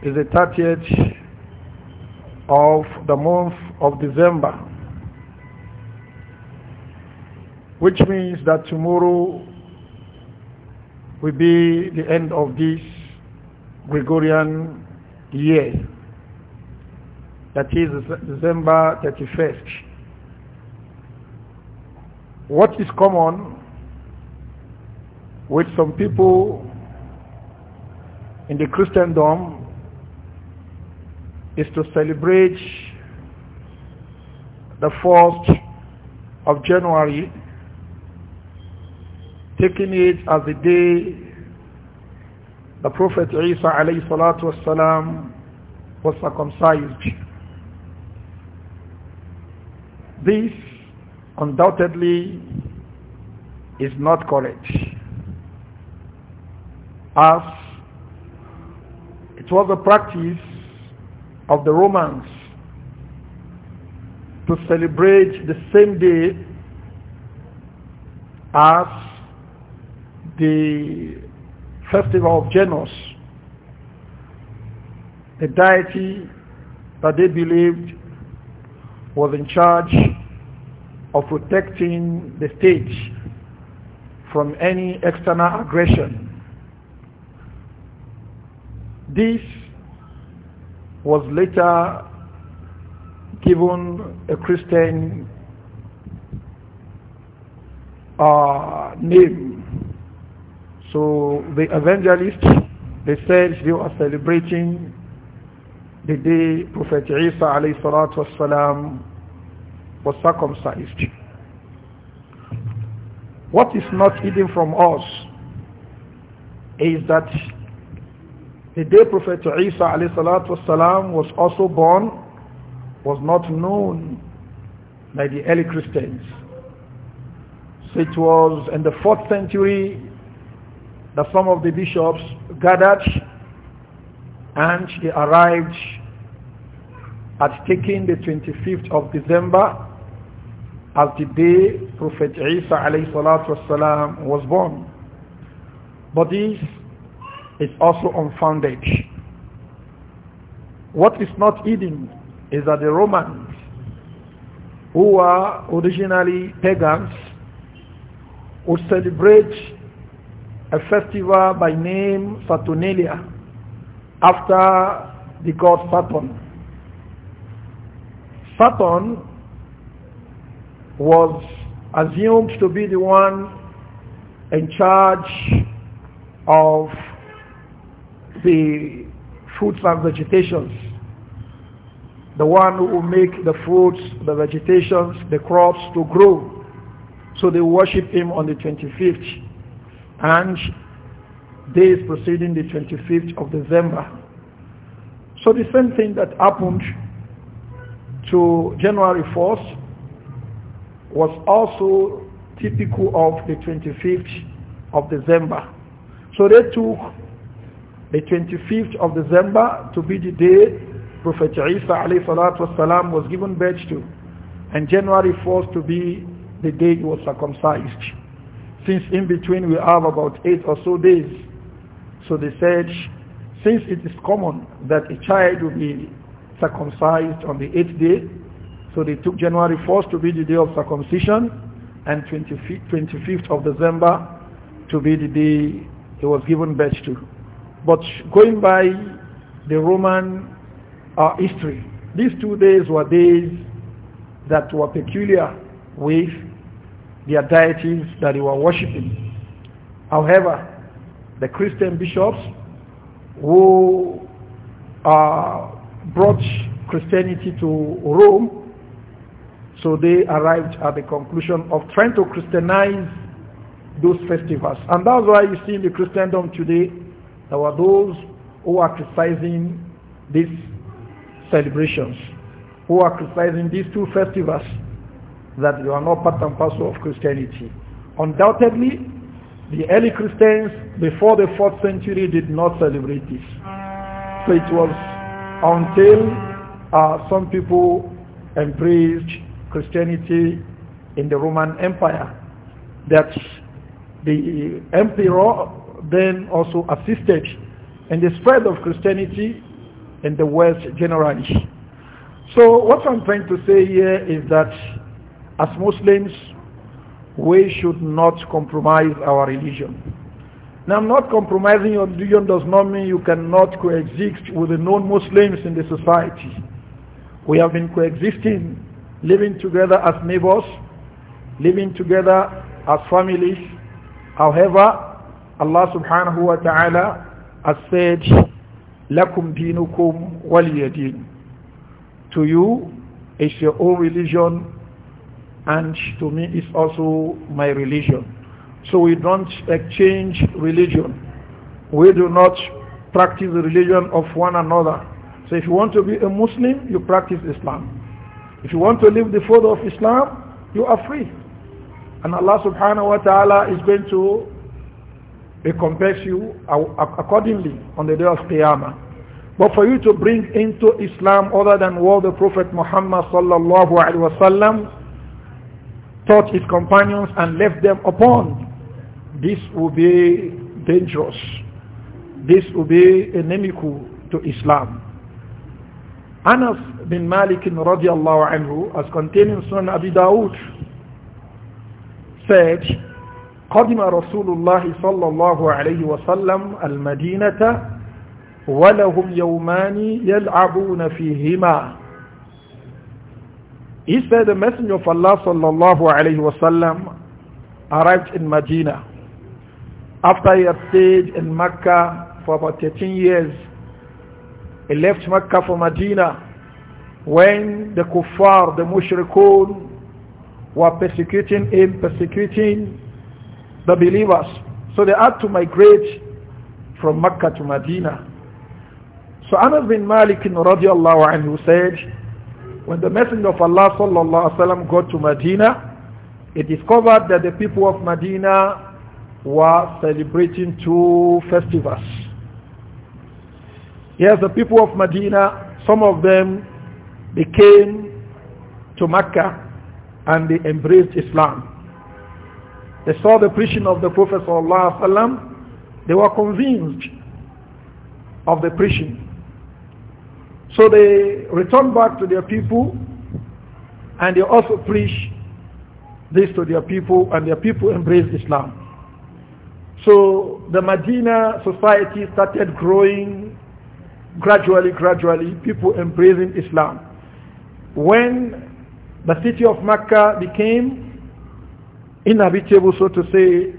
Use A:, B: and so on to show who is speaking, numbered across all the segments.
A: is the 30th of the month of December, which means that tomorrow will be the end of this Gregorian year. That is December 31st. What is common with some people in the Christendom is to celebrate the 1st of January, taking it as the day the Prophet Isa alayhi salatu wasalam was circumcised. This undoubtedly is not correct. As it was a practice of the Romans to celebrate the same day as the festival of Janus, the deity that they believed was in charge of protecting the state from any external aggression. This was later given a Christian uh, name. So the evangelists, they said they were celebrating the day Prophet Isa alayhi wasalam was circumcised. What is not hidden from us is that the day Prophet Isa والسلام, was also born was not known by the early Christians. So it was in the 4th century that some of the bishops gathered and they arrived at taking the 25th of December as the day Prophet Isa والسلام, was born. But this is also unfounded. What is not hidden is that the Romans, who were originally pagans, would celebrate a festival by name Saturnalia after the god Saturn. Saturn was assumed to be the one in charge of the fruits and vegetations. The one who will make the fruits, the vegetations, the crops to grow. So they worship him on the 25th. And days preceding the 25th of December. So the same thing that happened to January 4th was also typical of the 25th of December. So they took the 25th of December to be the day Prophet Isa alayhi salatu wasalam was given birth to and January 4th to be the day he was circumcised. Since in between we have about eight or so days. So they said, since it is common that a child will be circumcised on the eighth day, so they took January 4th to be the day of circumcision and 25th of December to be the day he was given birth to. But going by the Roman uh, history, these two days were days that were peculiar with their deities that they were worshipping. However, the Christian bishops who uh, brought Christianity to Rome, so they arrived at the conclusion of trying to Christianize those festivals. And that's why you see in the Christendom today there were those who are criticizing these celebrations, who are criticizing these two festivals that they are not part and parcel of Christianity. Undoubtedly, the early Christians before the 4th century did not celebrate this. So it was until uh, some people embraced Christianity in the Roman Empire that the emperor then also assisted in the spread of Christianity in the West generally. So what I'm trying to say here is that as Muslims, we should not compromise our religion. Now I'm not compromising your religion does not mean you cannot coexist with the non-Muslims in the society. We have been coexisting, living together as neighbors, living together as families. However, Allah subhanahu wa ta'ala has said, Lakum dinukum waliyadin. To you is your own religion and to me is also my religion. So we don't exchange religion. We do not practice the religion of one another. So if you want to be a Muslim, you practice Islam. If you want to live the fold of Islam, you are free. And Allah subhanahu wa ta'ala is going to he compares you accordingly on the day of Qiyamah. But for you to bring into Islam other than what the Prophet Muhammad sallallahu alaihi wasallam taught his companions and left them upon, this will be dangerous. This will be inimical to Islam. Anas bin Malik radiallahu anhu, as containing Sunan Abi Dawud, said, قدم رسول الله صلى الله عليه وسلم المدينة ولهم يومان يلعبون فيهما He said the messenger of Allah sallallahu alayhi وسلم arrived in Medina after he had stayed in Mecca for about 13 years. He left Mecca for Medina when the kuffar, the mushrikun were persecuting him, persecuting the believers. So they had to migrate from Mecca to Medina. So Anas bin Malik radiallahu anhu said, when the Messenger of Allah sallallahu alaihi wasallam got to Medina, he discovered that the people of Medina were celebrating two festivals. Yes, the people of Medina, some of them, they came to Mecca and they embraced Islam. They saw the preaching of the Prophet ﷺ. They were convinced of the preaching. So they returned back to their people and they also preached this to their people and their people embraced Islam. So the Medina society started growing gradually, gradually, people embracing Islam. When the city of Mecca became inhabitable, so to say,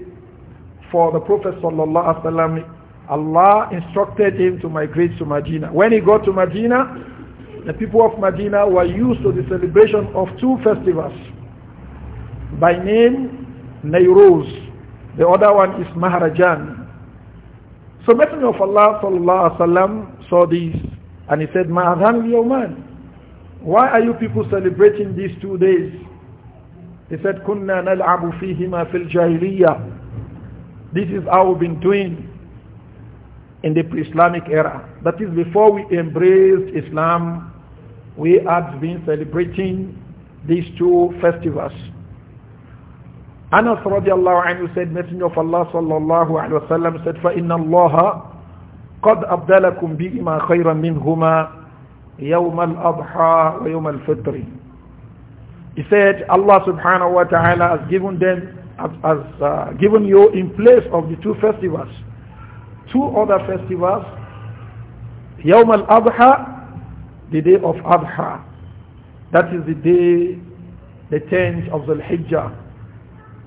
A: for the Prophet Allah instructed him to migrate to Medina. When he got to Medina, the people of Medina were used to the celebration of two festivals. By name, Nairuz. The other one is Maharajan. So Messenger of Allah sallallahu saw this and he said, "Ma'adhan yawman. Why are you people celebrating these two days?" He said, كُنَّا نَلْعَبُ فِيهِمَا فِي الْجَاهِلِيَّةِ This is how we've been doing in the pre-Islamic era. That is before we embraced Islam, we had been celebrating these two festivals. Anas radiallahu anhu said, Messenger of Allah sallallahu alayhi wa sallam said, فَإِنَّ اللَّهَ قَدْ أَبْدَلَكُمْ بِهِمَا خَيْرًا مِنْهُمَا يَوْمَ الْأَضْحَى وَيَوْمَ الْفِطْرِ He said, Allah subhanahu wa ta'ala has given them, has, uh, given you in place of the two festivals. Two other festivals, Yawm al-Adha, the day of Adha. That is the day, the 10th of the Hijjah,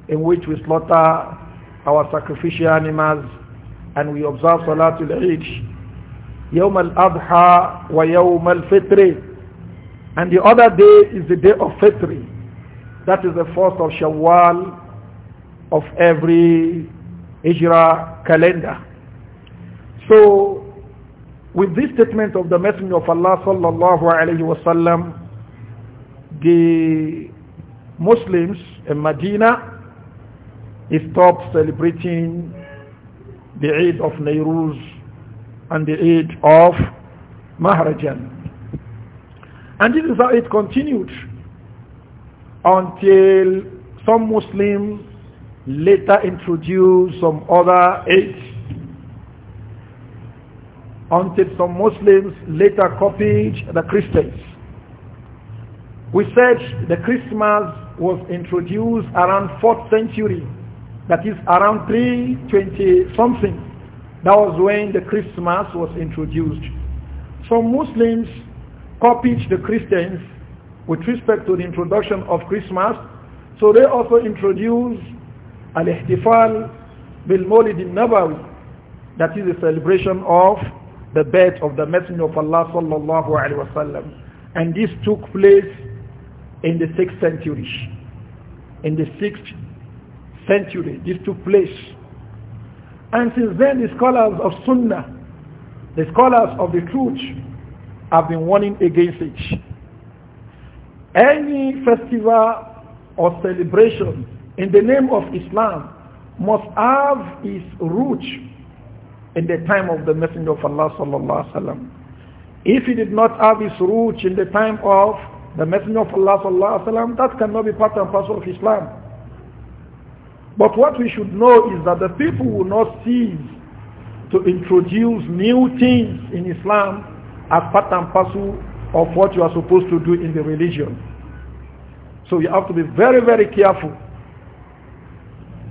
A: in which we slaughter our sacrificial animals and we observe Salatul Eid. Yawm al-Adha wa Yawm al-Fitr. And the other day is the day of Fitri. That is the first of Shawwal of every Hijra calendar. So, with this statement of the Messenger of Allah sallallahu alayhi wasallam, the Muslims in Medina stopped celebrating the Eid of Nairuz and the Eid of Mahrajan. And this is how it continued until some Muslims later introduced some other eight. Until some Muslims later copied the Christians. We said the Christmas was introduced around 4th century, that is around 320 something. That was when the Christmas was introduced. Some Muslims copied the Christians with respect to the introduction of Christmas. So they also introduced al-ihtifal bil-mawlid nabawi that is the celebration of the birth of the Messenger of Allah sallallahu alaihi wasallam. And this took place in the 6th century. In the 6th century, this took place. And since then, the scholars of Sunnah, the scholars of the truth, have been warning against it. Any festival or celebration in the name of Islam must have its root in the time of the Messenger of Allah sallallahu alaihi wasallam. If it did not have its root in the time of the Messenger of Allah sallallahu alaihi wasallam, that cannot be part and parcel of Islam. But what we should know is that the people will not cease to introduce new things in Islam as part and parcel of what you are supposed to do in the religion. So you have to be very, very careful.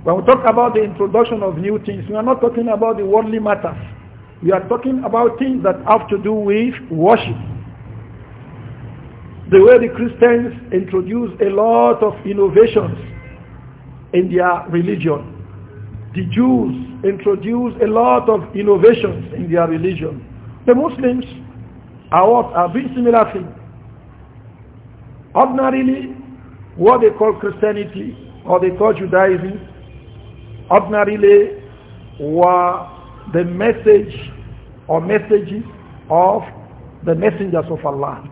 A: When we talk about the introduction of new things, we are not talking about the worldly matters. We are talking about things that have to do with worship. The way the Christians introduce a lot of innovations in their religion. The Jews introduce a lot of innovations in their religion. The Muslims are what have been similar things. Ordinarily, what they call Christianity or they call Judaism, ordinarily were the message or messages of the messengers of Allah.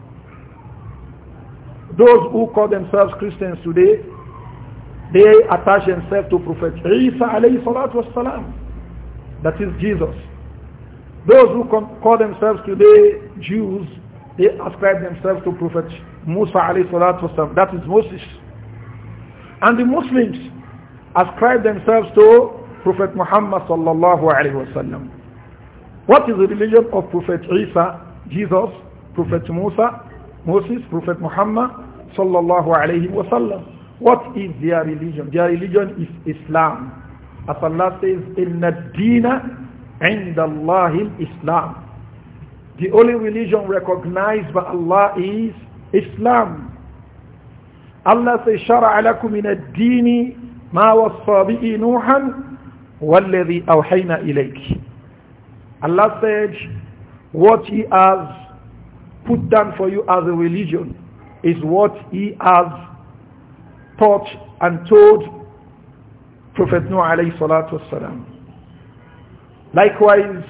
A: Those who call themselves Christians today, they attach themselves to Prophet Isa alayhi salatu wasalam. That is Jesus. Those who call themselves today Jews, they ascribe themselves to Prophet Musa alayhi salatu wasalam. That is Moses. And the Muslims ascribe themselves to Prophet Muhammad sallallahu alayhi wasallam. What is the religion of Prophet Isa, Jesus, Prophet Musa, Moses, Prophet Muhammad sallallahu alayhi wasallam? What is their religion? Their religion is Islam. As Allah says, إِنَّ الدِّينَ عند الله Islam. The only religion recognized by Allah is Islam. Allah says, شرع لكم من الدين ما وصى به نوحا والذي أوحينا إليك. Allah said, what he has put down for you as a religion is what he has taught and told Prophet Noah alayhi salatu wasalam. Likewise,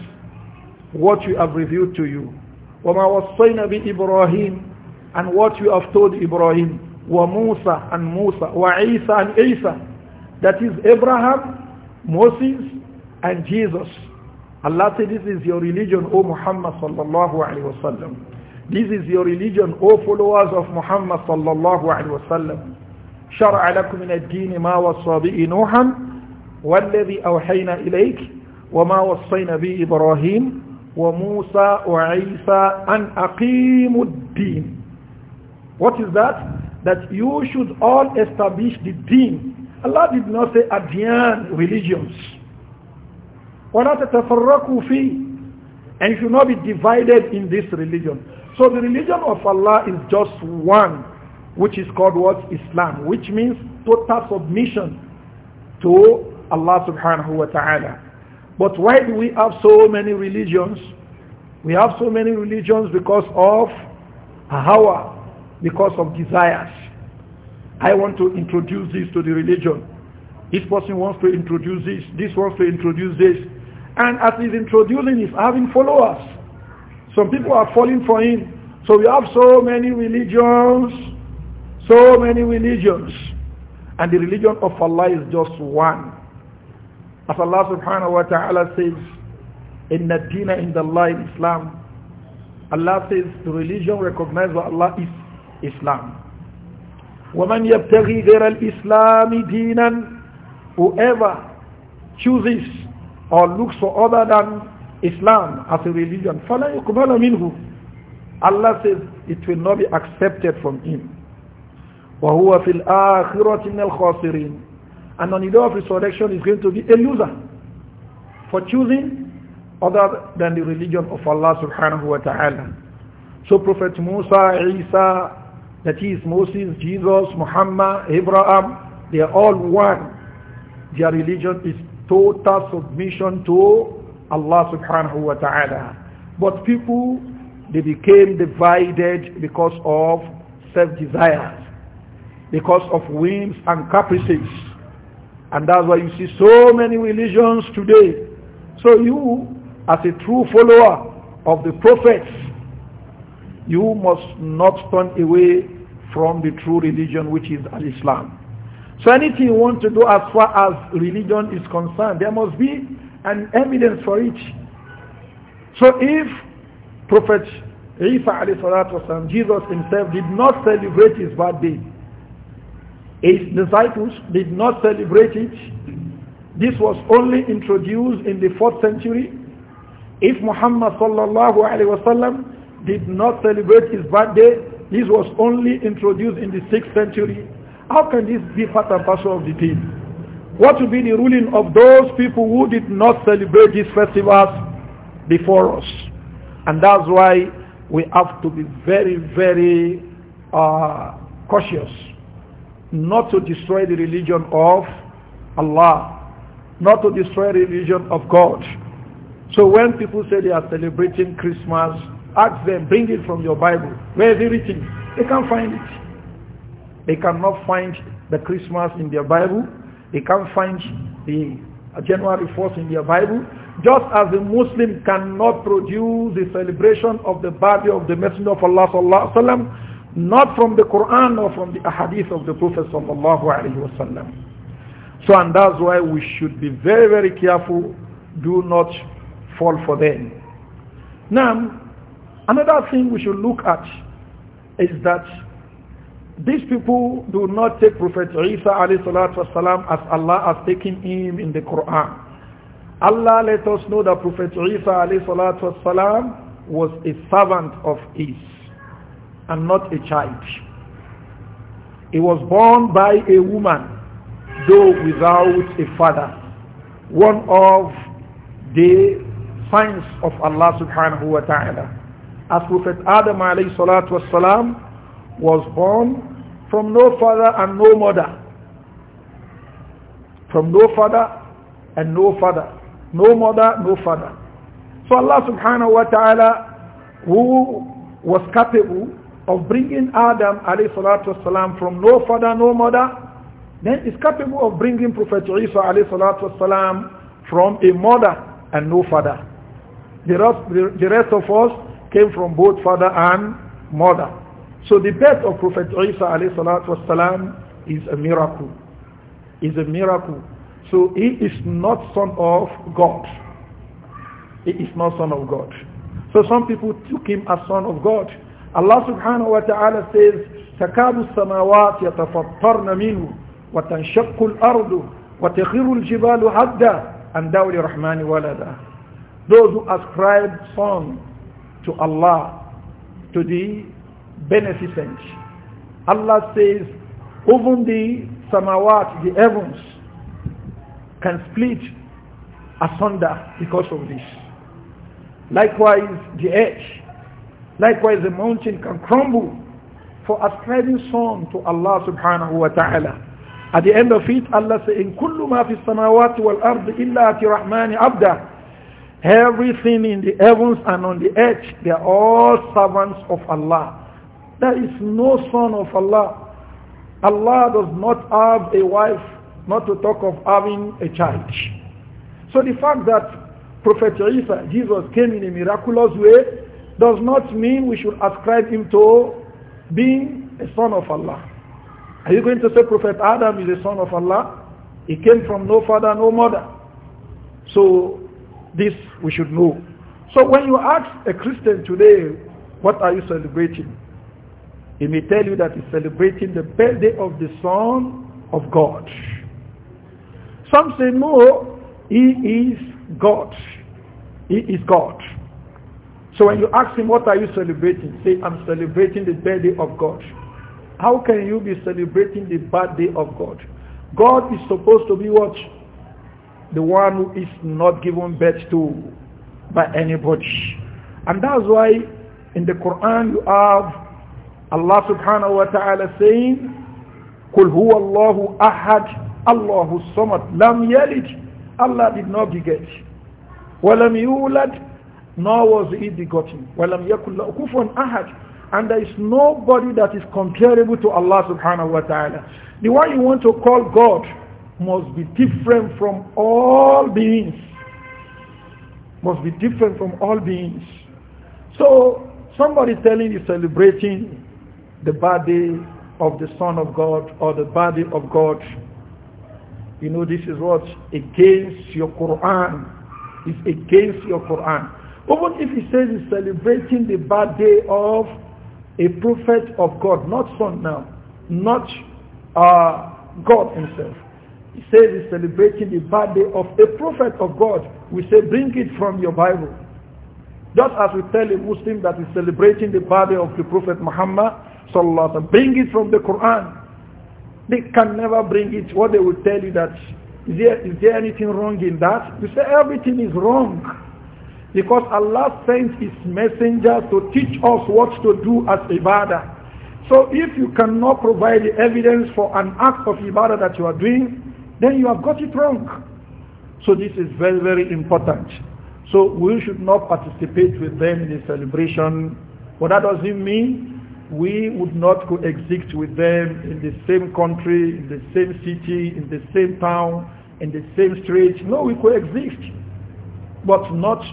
A: what we have revealed to you. وَمَا وَصَّيْنَا Ibrahim, And what you have told Ibrahim. Musa and Musa. Isa and Isa. That is Abraham, Moses, and Jesus. Allah said, this is your religion, O Muhammad sallallahu alayhi wasallam. This is your religion, O followers of Muhammad sallallahu alayhi wasallam. شرع لكم من الدين ما وصى به نوحا والذي أوحينا إليك وما وصينا به إبراهيم وموسى وعيسى أن أقيموا الدين What is that? That you should all establish the deen. Allah did not say adyan religions. وَلَا تَتَفَرَّقُوا فِي And you should not be divided in this religion. So the religion of Allah is just one, which is called what? Islam, which means total submission to Allah subhanahu wa ta'ala. But why do we have so many religions? We have so many religions because of hawa, because of desires. I want to introduce this to the religion. This person wants to introduce this, this wants to introduce this. And as he's introducing, he's having followers. Some people are falling for him. So we have so many religions, so many religions. And the religion of Allah is just one. As Allah subhanahu wa ta'ala says, in Nadina in the law in Islam, Allah says the religion recognized by Allah is Islam. وَمَنْ يَبْتَغِي غَيْرَ الْإِسْلَامِ دِينًا Whoever chooses or looks for other than Islam as a religion, فَلَا يُقْبَلَ مِنْهُ Allah says it will not be accepted from him. وَهُوَ فِي الْآخِرَةِ مِنَ الْخَاسِرِينَ and on the day of resurrection is going to be a loser for choosing other than the religion of Allah subhanahu wa ta'ala. So Prophet Musa, Isa, that is Moses, Jesus, Muhammad, Abraham, they are all one. Their religion is total submission to Allah subhanahu wa ta'ala. But people, they became divided because of self-desires, because of whims and caprices. And that's why you see so many religions today. So you, as a true follower of the prophets, you must not turn away from the true religion which is Al-Islam. So anything you want to do as far as religion is concerned, there must be an evidence for it. So if Prophet Isa والسلام, Jesus himself did not celebrate his birthday, his disciples did not celebrate it. This was only introduced in the 4th century. If Muhammad sallallahu alaihi wasallam did not celebrate his birthday, this was only introduced in the 6th century. How can this be part and parcel of the thing? What will be the ruling of those people who did not celebrate these festivals before us? And that's why we have to be very, very uh, cautious not to destroy the religion of Allah, not to destroy the religion of God. So when people say they are celebrating Christmas, ask them, bring it from your Bible. Where is it written? They can't find it. They cannot find the Christmas in their Bible. They can't find the January 4th in their Bible. Just as a Muslim cannot produce the celebration of the birthday of the Messenger of Allah sallallahu alaihi wasallam, not from the Quran or from the ahadith of the Prophet sallallahu alaihi wasallam. So and that's why we should be very very careful. Do not fall for them. Now, another thing we should look at is that these people do not take Prophet Isa alayhi salatu wasalam as Allah has taken him in the Quran. Allah let us know that Prophet Isa alayhi salatu wasalam was a servant of his and not a child. He was born by a woman, though without a father. One of the signs of Allah subhanahu wa ta'ala. As Prophet Adam alayhi salatu wasalam was born from no father and no mother. From no father and no father. No mother, no father. So Allah subhanahu wa ta'ala who was capable of bringing Adam alayhi salatu wasalam from no father, no mother, then is capable of bringing Prophet Isa alayhi salatu wasalam from a mother and no father. The rest, the, rest of us came from both father and mother. So the birth of Prophet Isa alayhi salatu wasalam is a miracle. Is a miracle. So he is not son of God. He is not son of God. So some people took him as son of God. Allah subhanahu wa ta'ala says, تكاد السماوات يتفطرن منه وتنشق الأرض وتخر الجبال هدا عن دور rahmani walada Those who ascribe song to Allah, to the beneficent. Allah says, even the samawat, the heavens, can split asunder because of this. Likewise, the earth Likewise, the mountain can crumble for ascribing song to Allah subhanahu wa ta'ala. At the end of it, Allah says, In kullu ma fi samawati wal ard illa ati rahmani abda. Everything in the heavens and on the earth, they are all servants of Allah. There is no son of Allah. Allah does not have a wife, not to talk of having a child. So the fact that Prophet Isa, Jesus, came in a miraculous way does not mean we should ascribe him to being a son of Allah. Are you going to say Prophet Adam is a son of Allah? He came from no father, no mother. So this we should know. So when you ask a Christian today, what are you celebrating? He may tell you that he's celebrating the birthday of the Son of God. Some say, no, he is God. He is God. So when you ask him, what are you celebrating? Say, I'm celebrating the birthday of God. How can you be celebrating the birthday of God? God is supposed to be what? The one who is not given birth to by anybody. And that's why in the Quran you have Allah subhanahu wa ta'ala saying, قُلْ هُوَ اللَّهُ أَحَدْ اللَّهُ الصَّمَدْ لَمْ يَلِدْ Allah did not beget. وَلَمْ يُولَدْ nor was he begotten. وَلَمْ يَكُلْ لَهُ كُفُوًا أَحَدٌ And there is nobody that is comparable to Allah subhanahu wa ta'ala. The one you want to call God must be different from all beings. Must be different from all beings. So somebody telling you celebrating the birthday of the Son of God or the body of God, you know this is what? Against your Quran. It's against your Quran. Even if he says he's celebrating the birthday of a prophet of God, not son now, not uh, God himself. He says he's celebrating the birthday of a prophet of God. We say, bring it from your Bible. Just as we tell a Muslim that is celebrating the birthday of the Prophet Muhammad, sallallahu bring it from the Quran. They can never bring it. What they will tell you that, is there, is there anything wrong in that? You say, everything is wrong. Because Allah sends His messenger to teach us what to do as ibadah. So if you cannot provide the evidence for an act of ibadah that you are doing, then you have got it wrong. So this is very, very important. So we should not participate with them in the celebration. But that doesn't mean we would not coexist with them in the same country, in the same city, in the same town, in the same street. No, we coexist. But not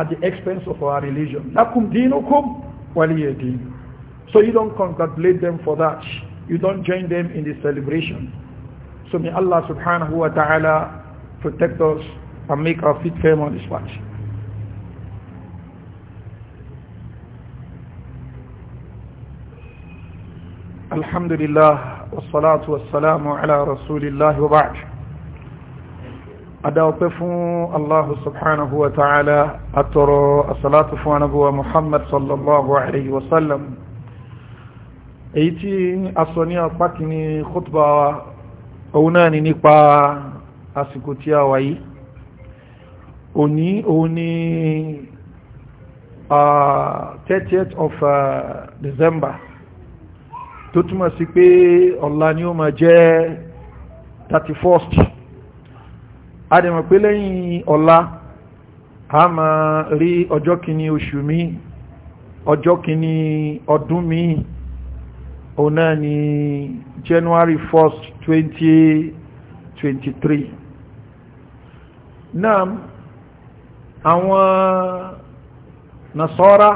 A: at the expense of our religion. Lakum dinukum waliyadin. So you don't congratulate them for that. You don't join them in the celebration. So may Allah subhanahu wa ta'ala protect us and make our feet firm on this path. Alhamdulillah, wassalatu wassalamu ala rasulillah wa ba adáwọ̀pẹ́ fún Allahu subhanahu wa ta'ala àtọrọ asalatu fún anabuwa Muhammad sallallahu alaihi wasallam èyí tí a sọ ní apá kìíní khutba òun náà ni nípa àsìkò tí a wáyé òní òun ni uh, 30th of uh, December tó túmọ̀ sí pé ọ̀la ni ó ma jẹ́ 31st àdìmọ̀ pé lẹ́yìn ọ̀la a máa rí ọjọ́ kìíní oṣù mi ọjọ́ kìíní ọdún mi òun ni January 1st 2023 náà àwọn nasọ́ra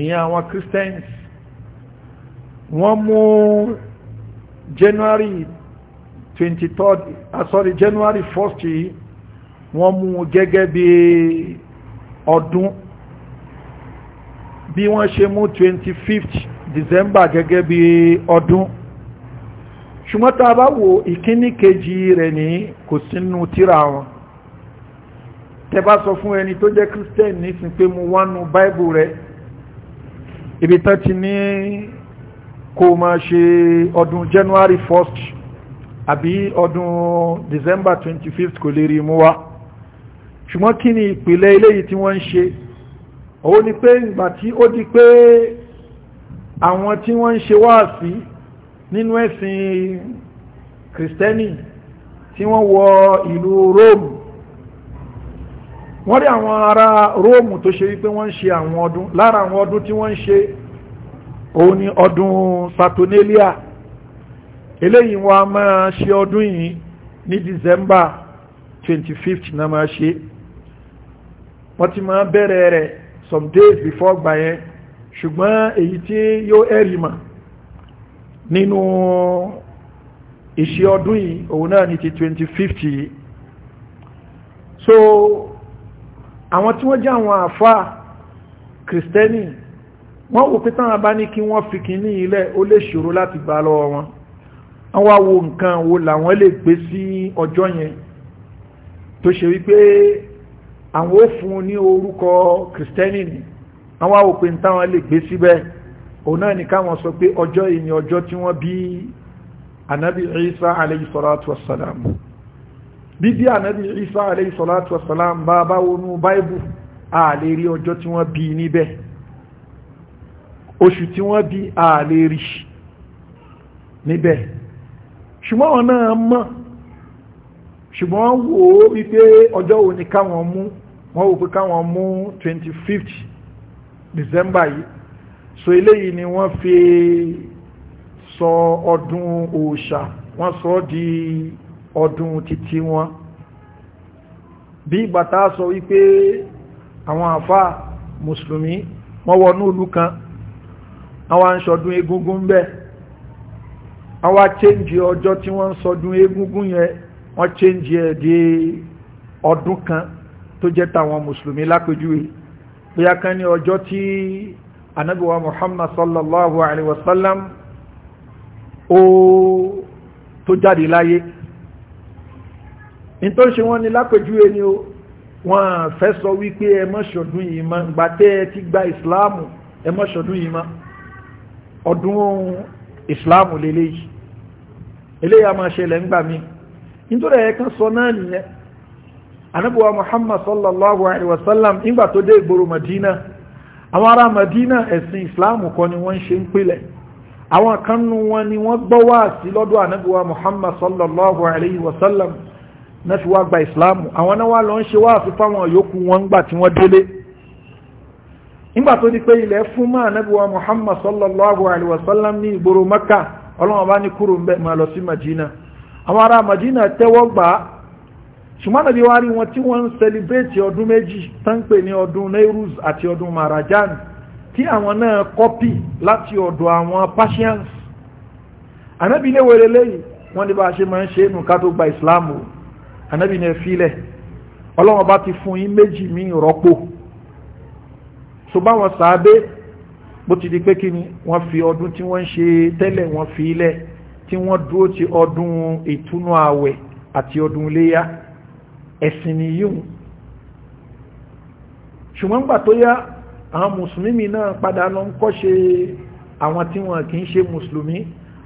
A: ìyẹn àwọn Christians wọ́n mú January 23rd ah, sorry January 1st yìí wọ́n mú gẹ́gẹ́ bí ọdún bí wọ́n ṣe mú 25th December gẹ́gẹ́ bí ọdún ṣùgbọ́n tá a bá wo ìkíní kejì rẹ̀ ní kò sínú tíra wọn tẹ́bá sọ fún ẹni tó jẹ́ Christian nísìn pé mo wá nu Bible rẹ̀ ibi tán ti ní kó máa ṣe ọdún January 1st àbí ọdún december 25th kò lè rí mú wá ṣùgbọ́n kí ni ìpìlẹ̀ eléyìí tí wọ́n ń ṣe òun ni pé ìgbà tí ó di pé àwọn tí wọ́n ń ṣe wáàsí nínú ẹ̀sìn kìrìsìtẹ́nì tí wọ́n wọ ìlú rome wọ́n rí àwọn ará rome tó ṣe wípé wọ́n ń ṣe àwọn ọdún lára àwọn ọdún tí wọ́n ń ṣe òun ni ọdún saturnalia eléyìí wọn a máa ṣe ọdún yìí ní December twenty-fifth, náà máa ṣe wọ́n ti máa bẹ̀rẹ̀ rẹ̀ some days before gbà yẹn ṣùgbọ́n èyí tí yóò ẹ̀rì mà nínú ìṣe ọdún yìí òun náà ní ti 25th yìí so àwọn tí wọ́n jẹ́ àwọn àfá kìrìsìtẹ́nì wọ́n wò pé táwọn bá ní kí wọ́n fi kìíní ilẹ̀ ó lè ṣòro láti gbà lọ́wọ́ wọn wọ́n wá wo nǹkan wo làwọn lè gbé sí ọjọ́ yẹn tó ṣe wípé àwọn ó fún un ní orúkọ kìrìsìtẹ́nì ni wọ́n wá wò pé táwọn lè gbé síbẹ̀ òun náà ní káwọn sọ pé ọjọ́ yìí ni ọjọ́ tí wọ́n bí anabi isa alayhi salatu wassalam bíbí anabi isa alayhi salatu bá bá wọnú báíbù ààlè rí ọjọ́ tí wọ́n bí níbẹ̀ oṣù tí wọ́n bí ààlè rí níbẹ̀ ṣùgbọ́n wọn náà mọ̀ ṣùgbọ́n wò ó wípé ọjọ́ wo ni káwọn mú wọ́n wò pé káwọn mú 25th December yìí so eléyìí ni wọ́n fi sọ ọdún òòṣà wọ́n sọ di ọdún títí wọn bí ìgbàtà sọ wípé àwọn àfá mùsùlùmí wọ́n wọnú ìlú kan àwọn aṣọ́dún egúngún bẹ́ẹ̀ àwọn change ọjọ́ tí wọ́n ń sọdún egúngún yẹn wọ́n change ẹ̀ dé ọdún kan tó jẹ́ tàwọn mùsùlùmí lápèjúwe bóyá kan ní ọjọ́ tí anábíwá muhammad sallallahu alaihi wasallam o, tó jáde láyé in tó ṣe wọ́n ní lápèjúwe ni ó wọ́n fẹ́ sọ wípé ẹ má ṣọdún yìí mọ́ gbàtẹ́ ẹ ti gba ìsìláàmù ẹ má ṣọdún ọdún ìsìláàmù lélẹ́yìí eléyà máa ṣẹlẹ̀ ń gbà mí nítorí ẹ̀ẹ̀kan sọ náà nìyẹn anábíwá muhammad sallallahu alaihi wasallam nígbà tó dé ìgboro madina àwọn ará madina ẹ̀sìn islam kọ́ ni wọ́n ń ṣe ń pìlẹ̀ àwọn kan nù wọn ni wọ́n gbọ́ wá sí lọ́dọ̀ anábíwá muhammad sallallahu alaihi wasallam náà fi wá gba islam àwọn náà wá lọ ń ṣe wá àfi fáwọn yòókù wọn gbà tí wọ́n délé nígbà tó di pé ilẹ̀ fún mọ́ anábíwá muhammad sallallahu alaihi wasallam ní ìgboro makkah ọlọ́wọ́n bá ní kúrò ń bẹ́ máa lọ sí Madina àwọn ará Madina tẹ́wọ́ gbà á ṣùgbọ́n nàbí wá rí wọn tí wọ́n ń sẹlẹ̀bẹ̀tì ọdún méjì tánpè ní ọdún Nairuz àti ọdún Maharajan tí àwọn náà kọ́pì láti ọ̀dọ̀ àwọn Persians anábì ní wèrè wọ́n ní bá ṣe máa ń ṣe nù ká tó gba Islam o bó ti di pé kí ni wọ́n fi ọdún tí wọ́n ń ṣe tẹ́lẹ̀ wọ́n fi ilẹ̀ tí wọ́n dúró ti ọdún ìtúnú ààwẹ̀ àti ọdún iléyá ẹ̀sìn nìyíùn ṣùgbọ́n gbà tó yá àwọn mùsùlùmí náà padà lọ ń kọ́ṣe àwọn tí wọ́n kì í ṣe mùsùlùmí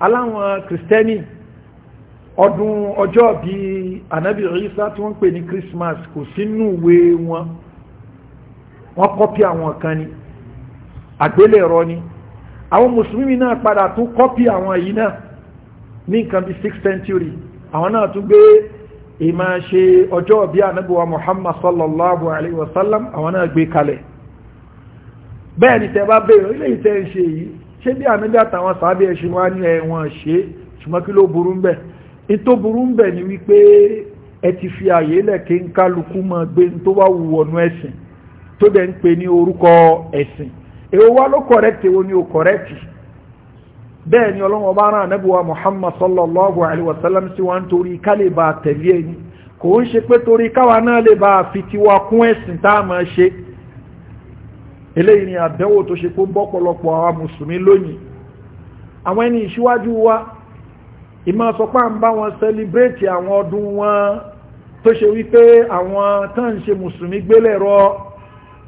A: aláwọn kìrìsìtẹ́nì ọdún ọjọ́ bí ànábì Ìsá tí wọ́n pè ní Christmas kò sínú ìwé wọn wọ́n kọ́pì àwọn kan ni. Christmas, àgbélẹ̀rọ ni àwọn mùsùlùmí náà padà tún kọ́pì àwọn yìí náà ní nǹkan bí 6th century àwọn náà tún gbé ìmá ṣe ọjọ́ bí anábíwa muhammad sallallahu alaihi wasallam àwọn náà gbé kalẹ̀ bẹ́ẹ̀ ni tẹ́bá bẹ́ẹ̀ ilé ìtẹ́ ṣe yìí àtàwọn ṣe burú bẹ̀ ń èwo wá ló kọ̀rẹ́tì ni ò kọ̀rẹ́tì bẹ́ẹ̀ ni ọlọ́run ọba rán anábìwá muhammad sallallahu alayhi wa sí wa torí ká lè bá tẹ̀lé ẹni kò ń ṣe pé torí náà lè tiwa kún ẹ̀sìn tá a máa ṣe eléyìí ni àdánwò tó ṣe kó bọ́pọ̀lọpọ̀ àwa mùsùlùmí lónìí àwọn ẹni ìṣíwájú wa ìmọ̀ sọpá ń bá wọn sẹlibrétì àwọn ọdún wọn tó ṣe wípé àwọn tán ń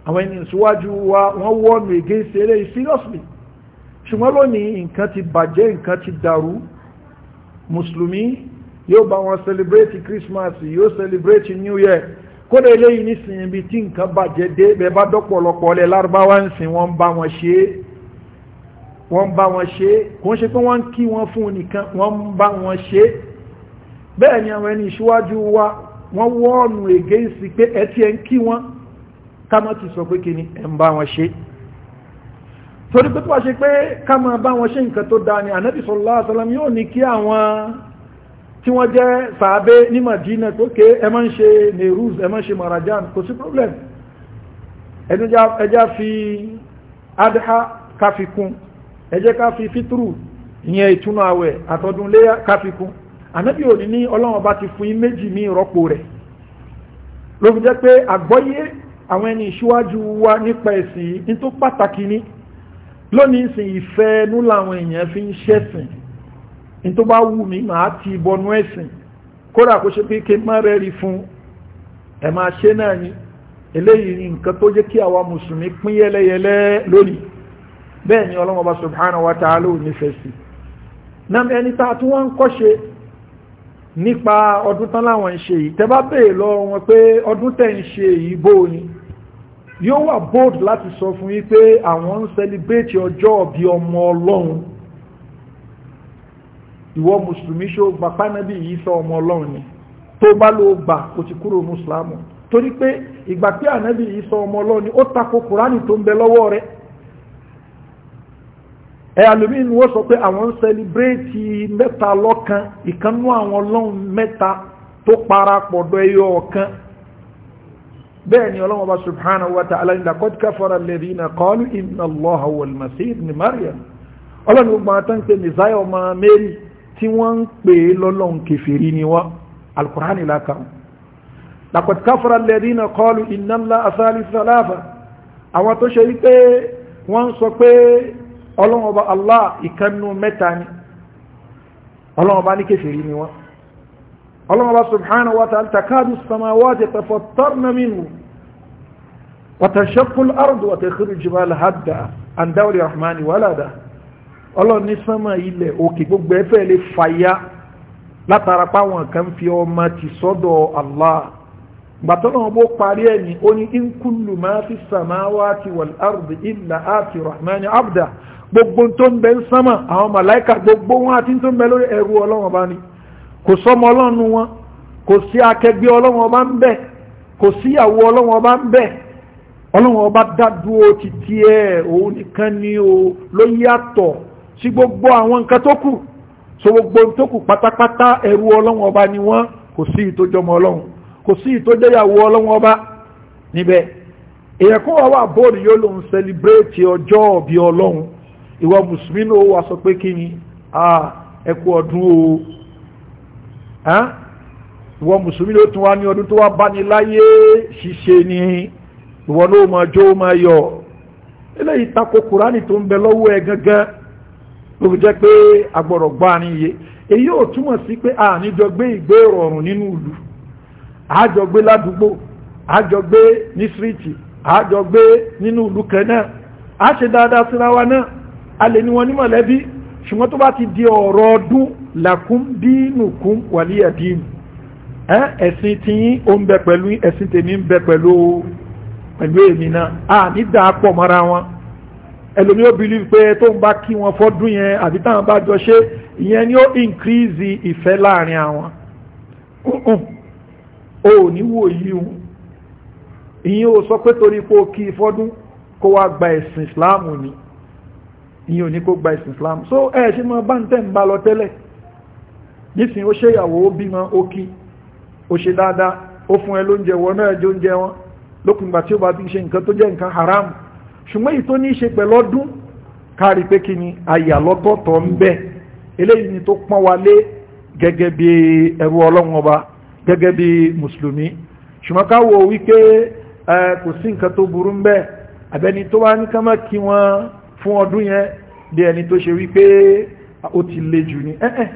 A: àwọn ẹni ìsíwájú wa wọ́n wọ́nù against eléyìí seriously ṣùgbọ́n lónìí nǹkan ti bàjẹ́ nǹkan ti dàrú mùsùlùmí yóò bá wọn celebrate christmas yóò celebrate new year kódà eléyìí nísìnyí bí tí nǹkan bàjẹ́ dé bẹ́ẹ̀ bá dọ́pọ̀lọpọ̀ lẹ lárúbáwá ń sìn wọ́n bá wọn ṣe é wọ́n bá wọn ṣe é kò ń ṣe pé wọ́n ń kí wọn fún nìkan wọ́n bá wọn ṣe bẹ́ẹ̀ ni àwọn ẹni ìṣíwájú wa wọ́n wọ́ọ̀nù against pé ẹ tiẹ̀ ń kí wọn ká má ti sọ pé kí ni ẹ̀ ń bá wọn ṣe torí pé tó wá ṣe pé ká máa bá wọn ṣe nǹkan tó dáa ni ànábì sallallahu alaihi wasallam yóò ní kí àwọn tí wọ́n jẹ́ sàábé ní Madina tó ké ẹ máa ń ṣe Nairuz ẹ máa ń ṣe Marajan kò sí problem ẹjá fi adha ká fi kún ẹjẹ́ ká fi fitru ìyẹn ìtúnú àwẹ̀ àtọ́dún léyà ká fi kún ànábì òní ní ọlọ́run bá ti fún méjì ní ìrọ́pò rẹ̀ ló fi jẹ́ pé àgbọ́yé àwọn ẹni ìṣíwájú wa nípa ẹ̀sìn ní tó pàtàkì ní lónìí sìn ìfẹ́ ẹnu làwọn èèyàn fi ń ṣẹ̀sìn ní tó bá wù mí màá ti ìbọnú ẹ̀sìn kódà kó ṣe pé kí n má rẹ́rí fún ẹ̀ máa ṣe náà ni eléyìí ni nǹkan tó jẹ́ kí àwa mùsùlùmí pín yẹlẹyẹlẹ lónìí bẹ́ẹ̀ ni ọlọ́mọba subhanahu wa ta'ala ò nífẹ̀ẹ́ sí nam ẹni tá a tún wá ń kọ́ṣe nípa ọdún tán láwọn ń ṣe yìí tẹ́bá bèèrè lọ wọn pé ọdún tẹ́ ń ṣe yìí bó ni yóò wà bold láti sọ fún yín pé àwọn ń celebrate ọjọ́ ọ̀bí ọmọ ọlọ́run ìwọ mùsùlùmí ṣó gba pánábì yìí sọ ọmọ ọlọ́run ni tó bá ló gbà kò ti kúrò mùsùlùmí torí pé ìgbà pé ànábì yìí sọ ọmọ ọlọ́run ni ó tako kùránì tó ń bẹ lọ́wọ́ rẹ̀ ẹ̀yàlómi ni wọ́n sọ pé àwọn ń sẹlẹ̀bírẹ́tì mẹ́ta lọ́kan ìkanú àwọn ọlọ́run mẹ́ta tó parapọ̀ dọ ẹyọ ọ̀kan bẹ́ẹ̀ ni ọlọ́run ọba subhanahu wa ta'ala ní laqad kafara alladhina qalu inna allaha wal masih ibn maryam ọlọ́run gbogbo àwọn tán ń pè ní zayọ̀ ọmọ mary tí wọ́n ń pè é lọ́lọ́run kẹfìrí ni wọ́n alukur'ani lákàá laqad kafara alladhina qalu inna allaha thalithu thalatha àwọn tó ṣe wípé wọ́n sọ pé ọlọ́wọ́n ọba allah ìkannú mẹ́ta ni ọlọ́wọ́n ọba ní kèfèrí ni wọ́n ọlọ́wọ́n ọba subhanahu wa ta'ala takadu samawati tafattarna minhu وتشق الأرض وتخر الجبال هدا عن دور الرحمن ولدا ọlọ́run ní sánmà ilẹ̀ òkè gbogbo ẹ̀fẹ́ lè fàyà látara páwọn kan fi ọmọ ti sọ́dọ̀ Allah gbàtọ́nà ọgbó parí ẹ̀ ní ó ní in kullu ma fi samawati wal ardi illa àti rahmani abda gbogbo tó ń bẹ ń sánmà àwọn màláìkà gbogbo wọn àti tó ń bẹ lórí ẹrú ọlọ́wọ́n bá ní kò sọmọ ọlọ́run wọn kò sí akẹgbẹ́ ọlọ́wọ́n bá ń bẹ kò síyàwó ọlọ́wọ́n bá ń bẹ ọlọ́wọ́n bá dádúró títí ẹ̀ òun nìkan ni o ló yàtọ̀ sí gbogbo àwọn nǹkan tó kù so gbogbo tó kù pátápátá ẹrú ọlọ́wọ́n bá ni wọ́n kò sí ìtójọmọ ọlọ́run kò sí ìtójẹyàwó ọlọ́wọ́n bá níbẹ̀ èèyàn kó wá wà bóòlù yóò lòun sẹlibrétì ọjọ́ ọ̀bí ọlọ́run ìwọ mùsùlùmí na wà sọ pé kí ni ẹ ọdún o ìwọ mùsùlùmí ló tún wá ní ọdún tó wá láyé ni ìwọ náà máa jó máa yọ eléyìí kùránì tó ń bẹ lọ́wọ́ ẹ ló jẹ́ pé agbọ̀rọ̀ gbá iye èyí ò túmọ̀ sí pé a níjọ gbé ìgbé nínú ìlú àjọ gbé ládùúgbò àjọ gbé ní síríìtì àjọ gbé nínú ìlú kan náà a a lè ní wọn ní mọ̀lẹ́bí ṣùgbọ́n tó bá ti di ọ̀rọ̀ ọdún lakum dínukum wàlíyà dín ẹ̀sìn tí yín ó ń bẹ pẹ̀lú ẹ̀sìn tèmi ń bẹ pẹ̀lú pẹ̀lú èmi ní dàápọ̀ mọ́ra wọn ẹlòmí ó bìlí pé tó ń bá kí wọn fọ́dún yẹn àbí táwọn bá jọ ṣe ìyẹn ni ó ìnkírízì ìfẹ́ láàrin àwọn o ní wò yí o ìyẹn ò sọ pé torí pé ó kí fọ́dún kó wá gba ẹ̀sìn ìsìláàmù ni ìyẹn ò ní kó gba ìsìn islam so ẹ ṣe mọ bá ń tẹ́ ń bá lọ tẹ́lẹ̀ nísìn ó ṣe ìyàwó ó bímọ ó kí ó ṣe dáadáa ó fún ẹ lóúnjẹ wọn náà jẹ oúnjẹ wọn lókun tí ó bá fi ṣe nǹkan tó jẹ́ nǹkan haram ṣùgbọ́n èyí tó ní í ṣe pẹ̀lọ́dún kárí pé ni àyàlọ́tọ̀ọ̀tọ̀ ń bẹ eléyìí ni tó pọ́n wa lé gẹ́gẹ́ bí ẹrú ọlọ́run ọba gẹ́gẹ́ bí mùsùlùmí ṣùgbọ́n ká fún ọdún yẹn bí ẹni tó ṣe wípé ó ti le jù ní ẹ́ẹ̀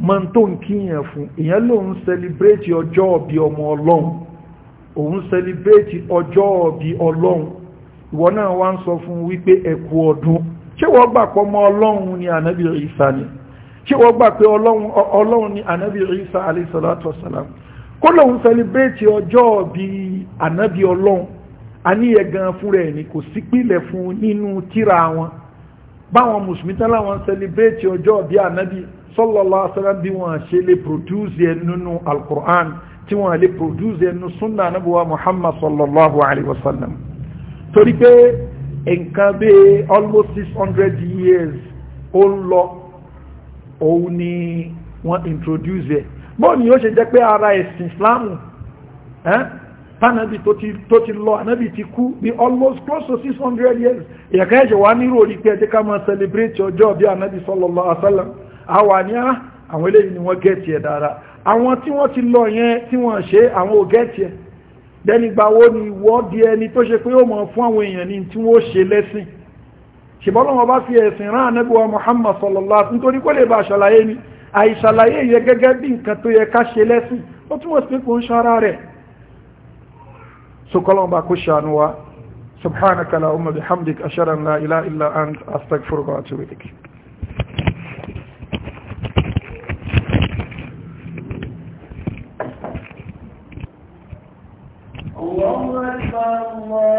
A: ma ń tó ń kíyàn fún ìyẹn ló ń sẹlibrétì ọjọ́ ọ̀bí ọmọ ọlọ́run òun sẹlibrétì ọjọ́ ọ̀bí ọlọ́run ìwọ náà wá ń sọ fún wípé ẹkù ọdún ṣé wọ́n gbà pé ọmọ ọlọ́run ni ànábì Ìsá ni ṣé wọ́n gbà pé ọlọ́run ni ànábì Ìsá alayhi salatu wassalam kó lóun sẹlibrétì ọjọ́ ọ̀bí ànábì ọlọ́run àníyẹ gan fún rẹ̀ ni kò sí pìlẹ̀ fún nínú tíra wọn báwọn mùsùlùmí tán láwọn sẹlẹbírẹ́tì ọjọ́ bí ànábì sallallahu alaihi wasallam bí wọ́n ṣe lè produce ẹ̀ nínú alkur'an tí wọ́n lè produce ẹ̀ nínú sunna anábùwà muhammad sallallahu alaihi wasallam torí pé nǹkan bí almost six hundred years ó ń lọ òun ni wọ́n introduce ẹ̀ bọ́ọ̀ yóò ṣe jẹ́ pé ara ẹ̀sìn islam tánàbì tó ti lọ ànábì ti kú ní almost close to 600 years ìyàká ẹ̀ṣẹ̀ wá ní rò rí pé ẹjẹ́ ká máa celebrate ọjọ́ bí ànábì sallallahu alaihi wasallam àwà ní á ah, àwọn eléyìí ni wọ́n gẹ́ẹ̀tì ẹ̀ dára àwọn tí wọ́n ti lọ yẹn tí wọ́n ṣe àwọn ò gẹ́ẹ̀tì ẹ̀ dẹ́nigba wo ni wọ́ di ẹni tó ṣe pé ó mọ̀ fún àwọn èèyàn ní tí wọ́n ṣe lẹ́sìn ṣùgbọ́n wọn bá fi ẹ̀sìn rán ànábì wa Muhammad sallallahu alaihi wasallam nítorí kó lè bá àṣàlàyé ni ó túnmọ̀ sí pé kò ń ṣara rẹ̀ سكلهم باكوشان و سبحانك لا أم بحمدك أن لا إله إلا أنت أستغفرك وأتوبك الله أكبر الله